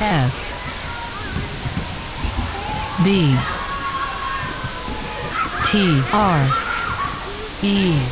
S B T R E